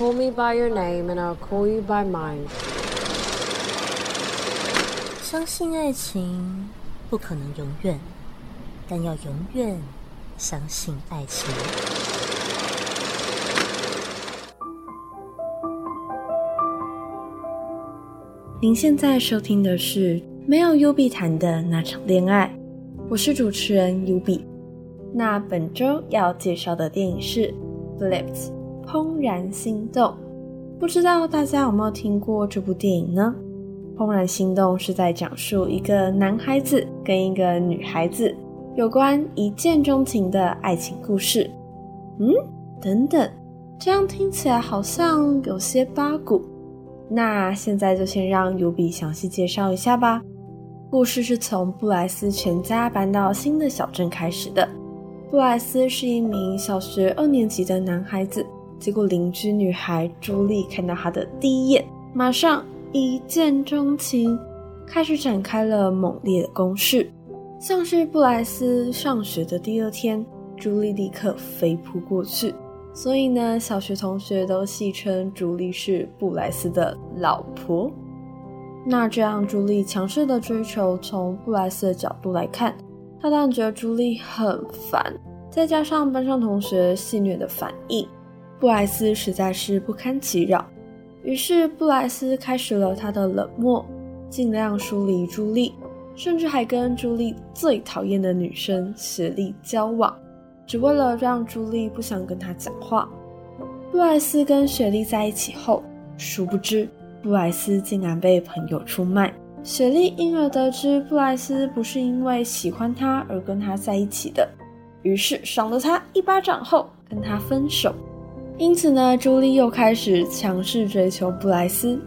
Call me by your name, and I'll call you by mine。相信愛情不可能永遠，但要永遠相信愛情。您現在收聽的是沒有優必談的那場戀愛，我是主持人優必。那本周要介紹的電影是、Flipped《Flipped》。《怦然心動》，不知道大家有沒有聽過這部電影呢？《怦然心動》是在講述一個男孩子跟一個女孩子有關一見鍾情的愛情故事。嗯，等等，這樣聽起來好像有些八股。那現在就先讓尤比詳細介紹一下吧。故事是從布萊斯全家搬到新的小鎮開始的。布萊斯是一名小學二年級的男孩子。結果，鄰居女孩朱莉看到他的第一眼，馬上一見鍾情，開始展開了猛烈的攻勢。像是布萊斯上學的第二天，朱莉立刻飛撲過去。所以呢，小學同學都戲稱朱莉是布萊斯的老婆。那這樣，朱莉強勢的追求，從布萊斯的角度來看，他當然覺得朱莉很煩，再加上班上同學戲謔的反應。布萊斯實在是不堪其擾，於是布萊斯開始了他的冷漠，儘量疏離朱莉，甚至還跟朱莉最討厭的女生雪莉交往，只為了讓朱莉不想跟他講話。布萊斯跟雪莉在一起後，殊不知布萊斯竟然被朋友出賣，雪莉因而得知布萊斯不是因為喜歡她而跟她在一起的，於是賞了他一巴掌後跟他分手。因此呢，朱莉又開始強勢追求布萊斯，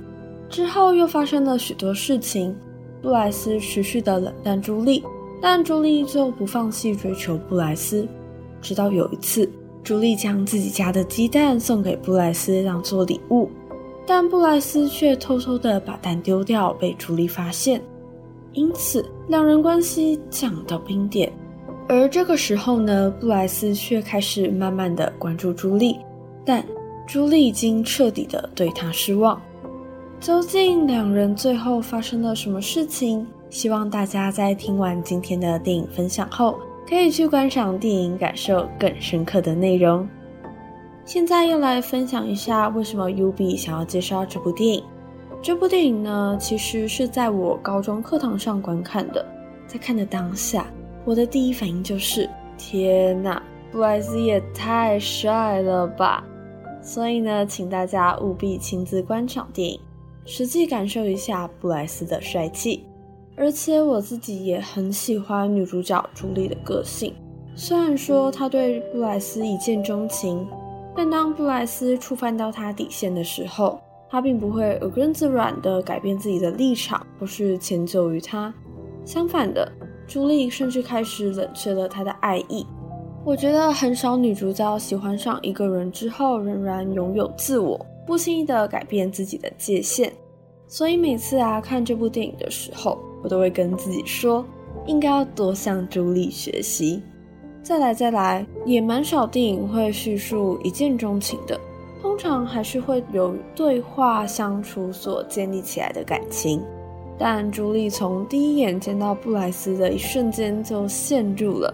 之後又發生了許多事情。布萊斯持續的冷淡朱莉，但朱莉就不放棄追求布萊斯。直到有一次，朱莉將自己家的雞蛋送給布萊斯當做禮物，但布萊斯卻偷偷的把蛋丟掉，被朱莉發現。因此，兩人關係降到冰點。而這個時候呢，布萊斯卻開始慢慢的關注朱莉。但朱莉已經徹底的對他失望。究竟兩人最後發生了什麼事情？希望大家在聽完今天的電影分享後，可以去觀賞電影，感受更深刻的內容。現在又來分享一下為什麼 UB 想要介紹這部電影。這部電影呢，其實是在我高中課堂上觀看的。在看的當下，我的第一反應就是：天哪，布萊斯也太帥了吧！所以呢，請大家務必親自觀賞電影，實際感受一下布萊斯的帥氣。而且我自己也很喜歡女主角朱莉的個性。雖然說她對布萊斯一見鍾情，但當布萊斯觸犯到她底線的時候，她並不會耳根子軟地改變自己的立場，或是遷就於他。相反的，朱莉甚至開始冷卻了他的愛意。我覺得很少女主角喜歡上一個人之後，仍然擁有自我，不輕易的改變自己的界限。所以每次啊看這部電影的時候，我都會跟自己說，應該要多向朱莉學習。再來再來，也蠻少電影會敘述一見鍾情的，通常還是會由對話相處所建立起來的感情。但朱莉從第一眼見到布萊斯的一瞬間就陷入了。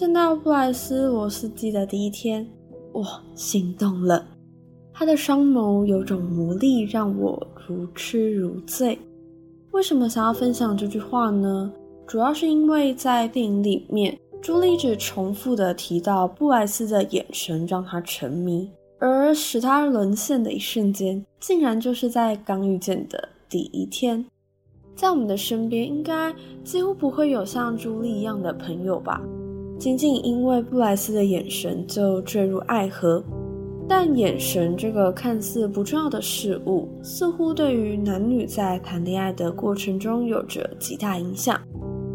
見到布萊斯羅斯基的第一天，我心動了。他的雙眸有種魔力，讓我如痴如醉。為什麼想要分享這句話呢？主要是因為在電影裡面，朱莉一直重複的提到布萊斯的眼神讓她沉迷，而使她淪陷的一瞬間，竟然就是在剛遇見的第一天。在我們的身邊，應該幾乎不會有像朱莉一樣的朋友吧。僅僅因為布萊斯的眼神就墜入愛河，但眼神這個看似不重要的事物，似乎對於男女在談戀愛的過程中有着極大影響。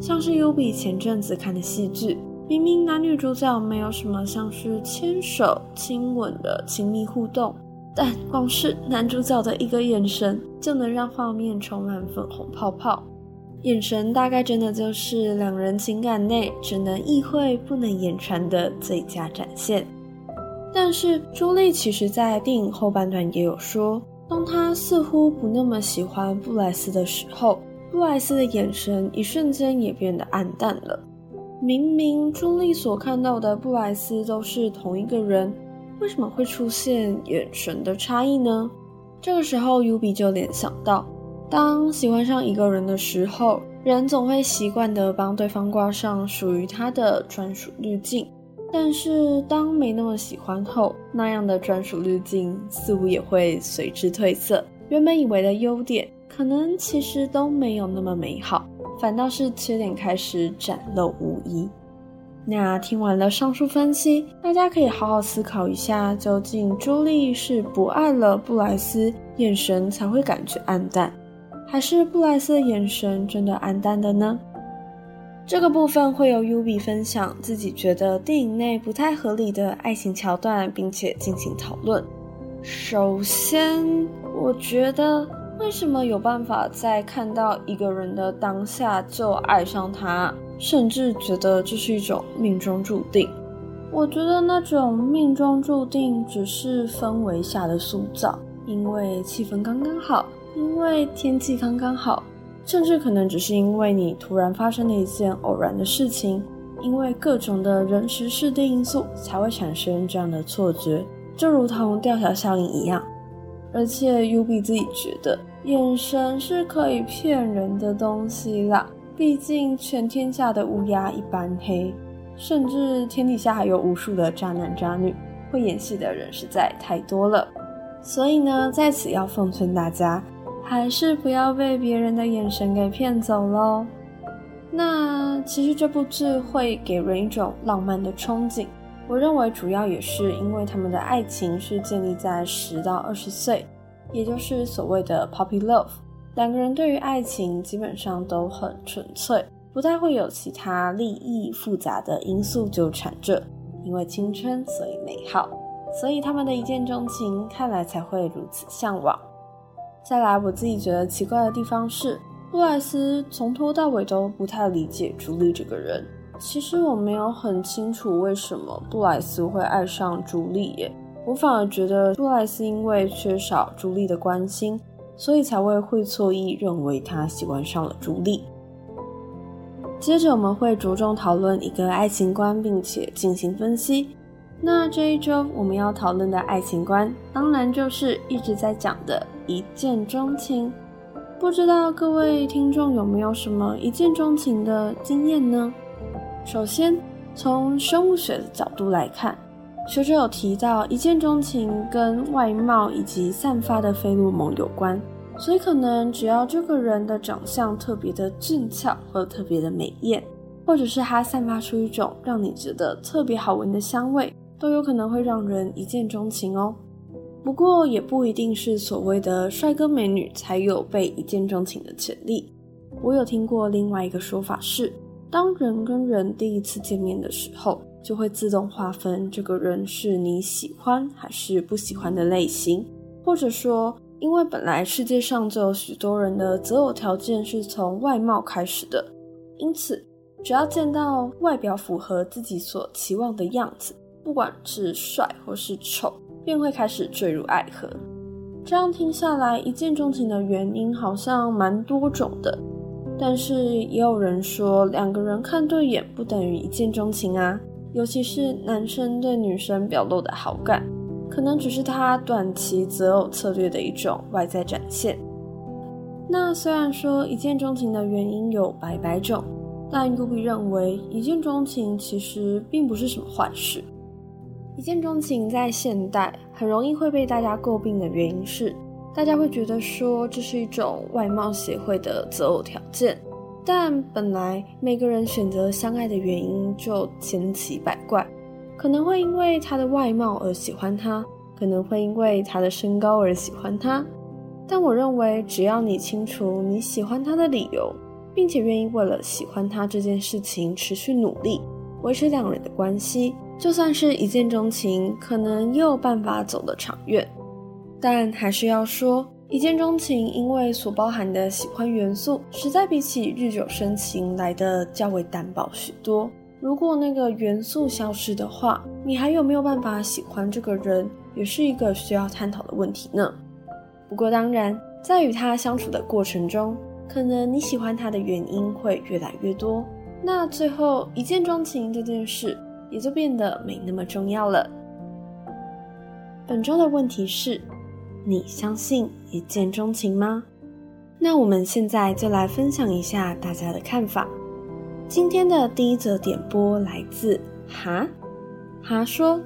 像是優比前陣子看的戲劇，明明男女主角沒有什麼像是牽手、親吻的親密互動，但光是男主角的一個眼神，就能讓畫面充滿粉紅泡泡。眼神大概真的就是兩人情感內只能意會不能言傳的最佳展現。但是朱莉其實在電影後半段也有說，當她似乎不那麼喜歡布萊斯的時候，布萊斯的眼神一瞬間也變得暗淡了。明明朱莉所看到的布萊斯都是同一個人，為什麼會出現眼神的差異呢？這個時候，Ubi 就聯想到。當喜歡上一個人的時候，人總會習慣地幫對方掛上屬於他的專屬濾鏡。但是當沒那麼喜歡後，那樣的專屬濾鏡似乎也會隨之褪色。原本以為的優點，可能其實都沒有那麼美好，反倒是缺點開始展露無遺。那聽完了上述分析，大家可以好好思考一下，究竟朱莉是不愛了布萊斯，眼神才會感覺暗淡？還是布萊斯的眼神真的暗淡的呢？這個部分會由 Yubi 分享自己覺得電影內不太合理的愛情橋段，並且進行討論。首先，我覺得為什麼有辦法在看到一個人的當下就愛上他，甚至覺得這是一種命中注定？我覺得那種命中注定只是氛圍下的塑造，因為氣氛剛剛好。因為天氣剛剛好，甚至可能只是因為你突然發生的一件偶然的事情，因為各種的人時事的因素才會產生這樣的錯覺，就如同吊橋效應一樣。而且 UB 自己覺得，眼神是可以騙人的東西啦，畢竟全天下的烏鴉一般黑，甚至天底下還有無數的渣男渣女，會演戲的人實在太多了。所以呢，在此要奉勸大家。還是不要被別人的眼神給騙走咯。那其實這部劇會給人一種浪漫的憧憬，我認為主要也是因為他們的愛情是建立在十到二十歲，也就是所謂的 puppy love，兩個人對於愛情基本上都很純粹，不太會有其他利益複雜的因素糾纏着。因為青春，所以美好，所以他們的一見鍾情，看來才會如此嚮往。再來，我自己覺得奇怪的地方是，布萊斯從頭到尾都不太理解朱莉這個人。其實我沒有很清楚為什麼布萊斯會愛上朱莉耶，我反而覺得布萊斯因為缺少朱莉的關心，所以才會會錯意認為他喜歡上了朱莉。接着我們會着重討論一個愛情觀，並且進行分析。那這一周我們要討論的愛情觀，當然就是一直在講的。一見鍾情，不知道各位聽眾有沒有什麼一見鍾情的經驗呢？首先，從生物學的角度來看，學者有提到一見鍾情跟外貌以及散發的菲洛蒙有關，所以可能只要這個人的長相特別的俊俏或者特別的美艷，或者是他散發出一種讓你覺得特別好聞的香味，都有可能會讓人一見鍾情哦。不過也不一定是所謂的帥哥美女才有被一見鍾情的潛力。我有聽過另外一個說法是，當人跟人第一次見面的時候，就會自動劃分這個人是你喜歡還是不喜歡的類型。或者說，因為本來世界上就有許多人的擇偶條件是從外貌開始的，因此只要見到外表符合自己所期望的樣子，不管是帥或是醜。便會開始墜入愛河。這樣聽下來，一見鍾情的原因好像蠻多種的。但是也有人說，兩個人看對眼不等於一見鍾情啊，尤其是男生對女生表露的好感，可能只是他短期擇偶策略的一種外在展現。那雖然說一見鍾情的原因有百百種，但 Ruby 認為，一見鍾情其實並不是什麼壞事。一見鍾情在現代很容易會被大家詬病的原因是，大家會覺得說這是一種外貌協會的擇偶條件。但本來每個人選擇相愛的原因就千奇百怪，可能會因為他的外貌而喜歡他，可能會因為他的身高而喜歡他。但我認為，只要你清楚你喜歡他的理由，並且願意為了喜歡他這件事情持續努力，維持兩人的關係。就算是一見鍾情，可能也有辦法走得長遠，但還是要說，一見鍾情因為所包含的喜歡元素，實在比起日久生情來得較為單薄許多。如果那個元素消失的話，你還有沒有辦法喜歡這個人，也是一個需要探討的問題呢？不過當然，在與他相處的過程中，可能你喜歡他的原因會越來越多。那最後，一見鍾情這件事。也就變得沒那麼重要了。本周的問題是：你相信一見鍾情嗎？那我們現在就來分享一下大家的看法。今天的第一則點播來自哈，哈說：“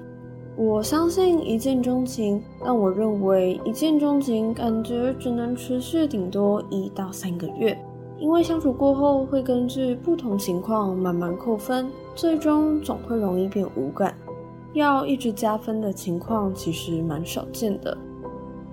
我相信一見鍾情，但我認為一見鍾情感覺只能持續頂多一到三個月。”因為相處過後會根據不同情況慢慢扣分，最終總會容易變無感。要一直加分的情況其實蠻少見的。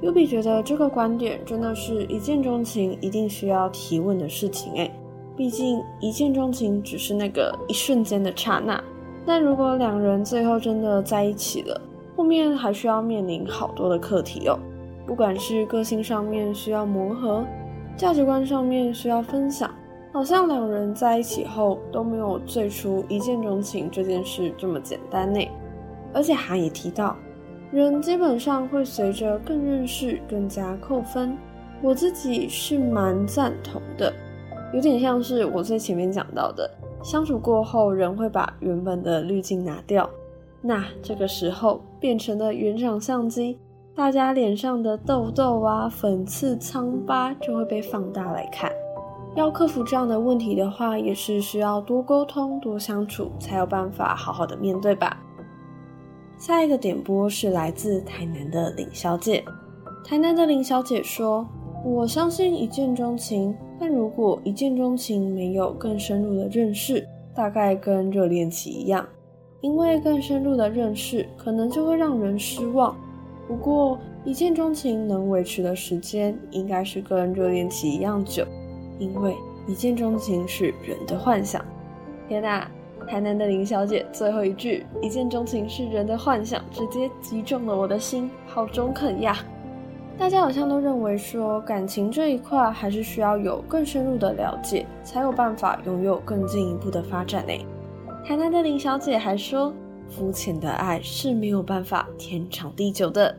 Yubi 覺得這個觀點真的是一見鍾情一定需要提問的事情哎、欸，畢竟一見鍾情只是那個一瞬間的剎那。但如果兩人最後真的在一起了，後面還需要面臨好多的課題哦，不管是個性上面需要磨合。價值觀上面需要分享，好像兩人在一起後都沒有最初一見鍾情這件事這麼簡單呢。而且還也提到，人基本上會隨着更認識、更加扣分，我自己是蠻贊同的，有點像是我最前面講到的，相處過後人會把原本的濾鏡拿掉，那這個時候變成了原廠相機。大家臉上的痘痘啊、粉刺、瘡疤，就會被放大來看。要克服這樣的問題的話，也是需要多溝通、多相處，才有辦法好好的面對吧。下一個點播是來自台南的林小姐。台南的林小姐說：“我相信一見鍾情，但如果一見鍾情沒有更深入的認識，大概跟熱戀期一樣，因為更深入的認識可能就會讓人失望。”不過，一見鍾情能維持的時間應該是跟熱戀期一樣久，因為一見鍾情是人的幻想。天哪，台南的林小姐最後一句“一見鍾情是人的幻想”直接擊中了我的心，好中肯呀！大家好像都認為說感情這一塊還是需要有更深入的了解，才有辦法擁有更進一步的發展呢。台南的林小姐還說。膚淺的愛是沒有辦法天長地久的。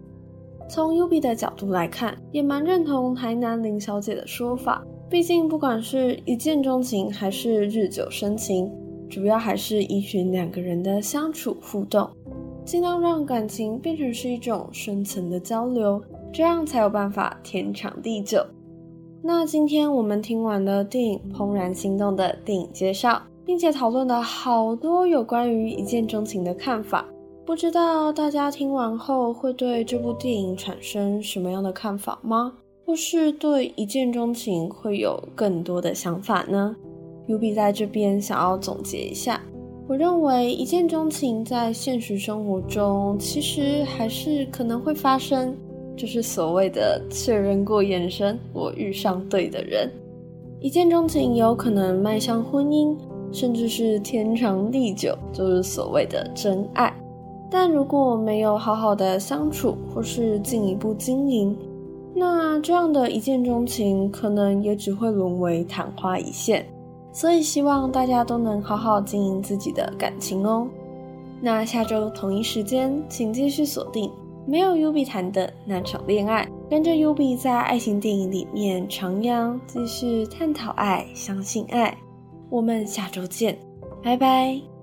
從優比的角度來看，也蠻認同台南林小姐的說法。畢竟，不管是一見鍾情還是日久生情，主要還是依循兩個人的相處互動，盡量讓感情變成是一種深層的交流，這樣才有辦法天長地久。那今天我們聽完了電影《怦然心動》的電影介紹。並且討論了好多有關於一見鍾情的看法，不知道大家聽完後會對這部電影產生什麼樣的看法嗎？或是對一見鍾情會有更多的想法呢？Ruby 在這邊想要總結一下，我認為一見鍾情在現實生活中其實還是可能會發生，就是所謂的確認過眼神，我遇上對的人。一見鍾情有可能邁向婚姻。甚至是天長地久，就是所謂的真愛。但如果沒有好好的相處，或是進一步經營，那這樣的一見鍾情，可能也只會淪為曇花一現。所以希望大家都能好好經營自己的感情哦。那下周同一時間，請繼續鎖定《沒有優必談的那場戀愛》，跟着優必在愛情電影裡面徜徉，繼續探討愛，相信愛。我們下週見，拜拜。